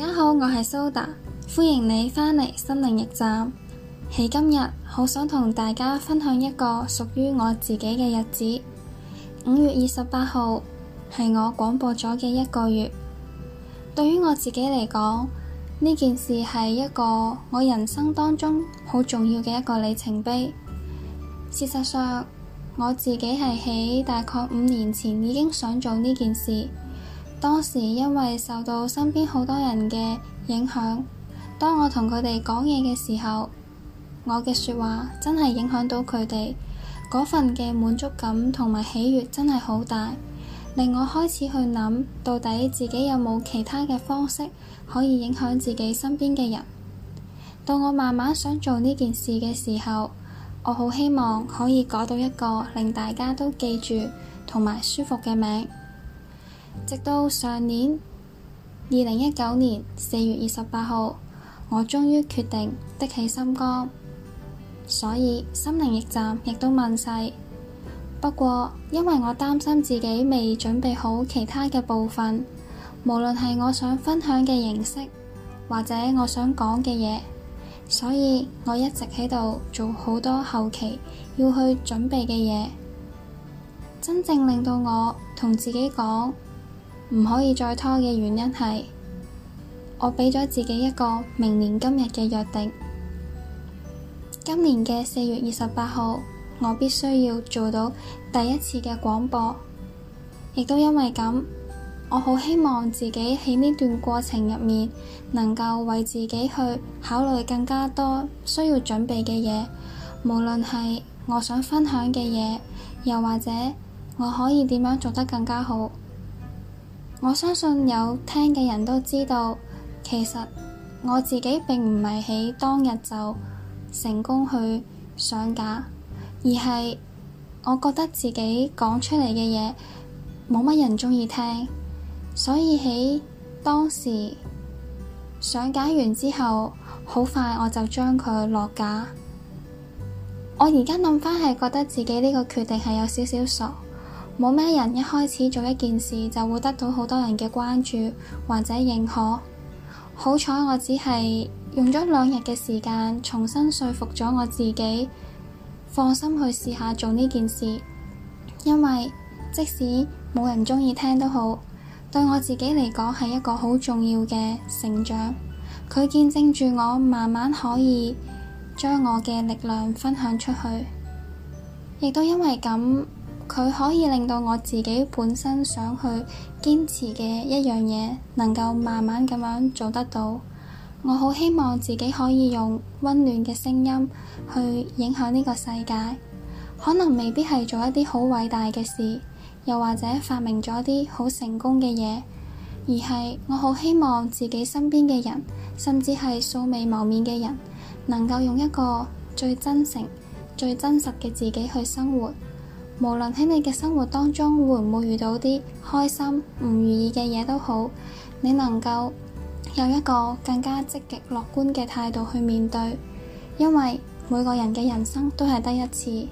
大家好，我係蘇達，歡迎你返嚟心靈驛站。喺今日，好想同大家分享一個屬於我自己嘅日子。五月二十八號係我廣播咗嘅一個月。對於我自己嚟講，呢件事係一個我人生當中好重要嘅一個里程碑。事實上，我自己係喺大概五年前已經想做呢件事。當時因為受到身邊好多人嘅影響，當我同佢哋講嘢嘅時候，我嘅説話真係影響到佢哋，嗰份嘅滿足感同埋喜悅，真係好大，令我開始去諗到底自己有冇其他嘅方式可以影響自己身邊嘅人。到我慢慢想做呢件事嘅時候，我好希望可以改到一個令大家都記住同埋舒服嘅名。直到上年二零一九年四月二十八號，我終於決定的起心肝，所以心靈驛站亦都問世。不過，因為我擔心自己未準備好其他嘅部分，無論係我想分享嘅形式，或者我想講嘅嘢，所以我一直喺度做好多後期要去準備嘅嘢。真正令到我同自己講。唔可以再拖嘅原因係，我俾咗自己一個明年今日嘅約定。今年嘅四月二十八號，我必須要做到第一次嘅廣播。亦都因為咁，我好希望自己喺呢段過程入面，能夠為自己去考慮更加多需要準備嘅嘢，無論係我想分享嘅嘢，又或者我可以點樣做得更加好。我相信有聽嘅人都知道，其實我自己並唔係喺當日就成功去上架，而係我覺得自己講出嚟嘅嘢冇乜人鍾意聽，所以喺當時上架完之後，好快我就將佢落架。我而家諗翻係覺得自己呢個決定係有少少傻。冇咩人一開始做一件事就會得到好多人嘅關注或者認可。好彩我只係用咗兩日嘅時間重新說服咗我自己，放心去試下做呢件事。因為即使冇人鍾意聽都好，對我自己嚟講係一個好重要嘅成長。佢見證住我慢慢可以將我嘅力量分享出去，亦都因為咁。佢可以令到我自己本身想去堅持嘅一樣嘢，能夠慢慢咁樣做得到。我好希望自己可以用溫暖嘅聲音去影響呢個世界，可能未必係做一啲好偉大嘅事，又或者發明咗啲好成功嘅嘢，而係我好希望自己身邊嘅人，甚至係素未謀面嘅人，能夠用一個最真誠、最真實嘅自己去生活。無論喺你嘅生活當中會唔會遇到啲開心唔如意嘅嘢，都好，你能夠有一個更加積極樂觀嘅態度去面對，因為每個人嘅人生都係得一次，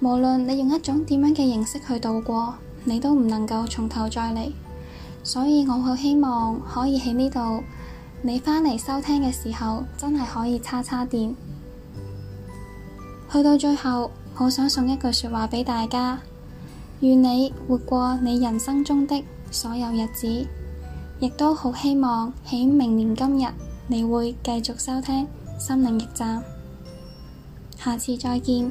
無論你用一種點樣嘅形式去度過，你都唔能夠從頭再嚟，所以我好希望可以喺呢度，你翻嚟收聽嘅時候真係可以叉叉電，去到最後。我想送一句說話俾大家，願你活過你人生中的所有日子，亦都好希望喺明年今日，你會繼續收聽心靈驛站，下次再見。